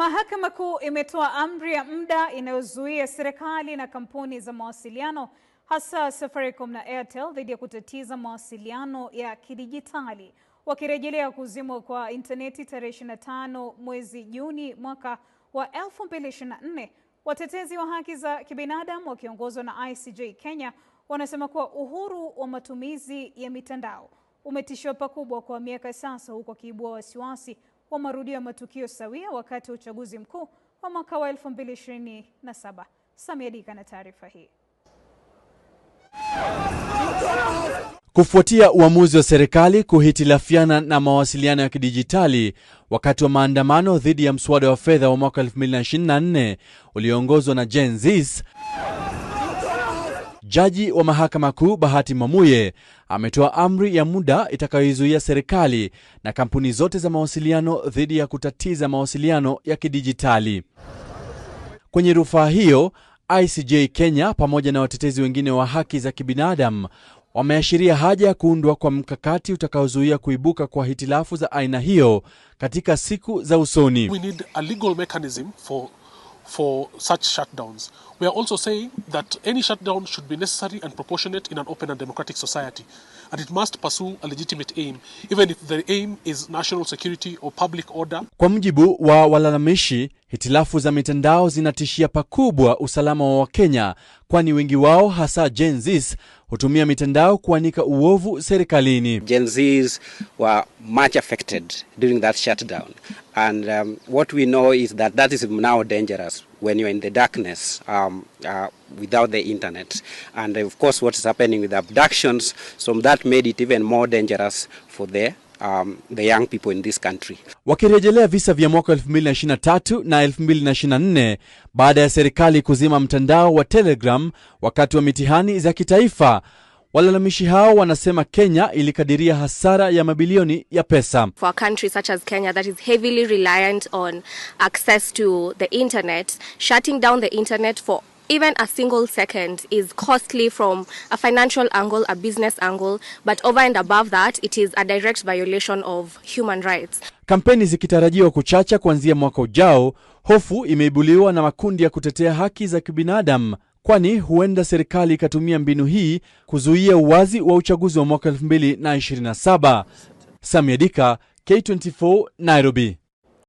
Mahakama Kuu imetoa amri ya muda inayozuia serikali na kampuni za mawasiliano hasa Safaricom na Airtel dhidi ya kutatiza mawasiliano ya kidijitali. Wakirejelea kuzimwa kwa intaneti tarehe 25 mwezi Juni mwaka wa 2024, watetezi wa haki za kibinadamu wakiongozwa na ICJ Kenya wanasema kuwa uhuru wa matumizi ya mitandao umetishwa pakubwa kwa miaka sasa, huku wakiibua wasiwasi wa marudio ya matukio sawia wakati wa uchaguzi mkuu wa mwaka wa 2027. Samia Dika na taarifa hii. Kufuatia uamuzi wa serikali kuhitilafiana na mawasiliano ya kidijitali wakati wa maandamano dhidi ya mswada wa fedha wa mwaka 2024 ulioongozwa na Gen Z Jaji wa mahakama kuu Bahati mamuye ametoa amri ya muda itakayoizuia serikali na kampuni zote za mawasiliano dhidi ya kutatiza mawasiliano ya kidijitali. Kwenye rufaa hiyo, ICJ Kenya pamoja na watetezi wengine wa haki za kibinadamu wameashiria haja ya kuundwa kwa mkakati utakaozuia kuibuka kwa hitilafu za aina hiyo katika siku za usoni. We need a legal mechanism for for such shutdowns. We are also saying that any shutdown should be necessary and proportionate in an open and democratic society, and it must pursue a legitimate aim, even if the aim is national security or public order. Kwa mujibu wa walalamishi Hitilafu za mitandao zinatishia pakubwa usalama wa Wakenya, kwani wengi wao hasa Gen Zs hutumia mitandao kuanika uovu serikalini. Gen Zs were much affected during that shutdown and um, what we know is that that is now dangerous when you're in the darkness um, uh, without the internet and of course what is happening with abductions so that made it even more dangerous for the um, the young people in this country. Wakirejelea visa vya mwaka 2023 na 2024 baada ya serikali kuzima mtandao wa Telegram wakati wa mitihani za kitaifa. Walalamishi hao wanasema Kenya ilikadiria hasara ya mabilioni ya pesa. For a country such as Kenya that is heavily reliant on access to the internet, shutting down the internet for even a single second is costly from a financial angle, a business angle, but over and above that, it is a direct violation of human rights. Kampeni zikitarajiwa kuchacha kuanzia mwaka ujao, hofu imeibuliwa na makundi ya kutetea haki za kibinadamu kwani huenda serikali ikatumia mbinu hii kuzuia uwazi wa uchaguzi wa mwaka 2027. Samia Dika, K24, Nairobi.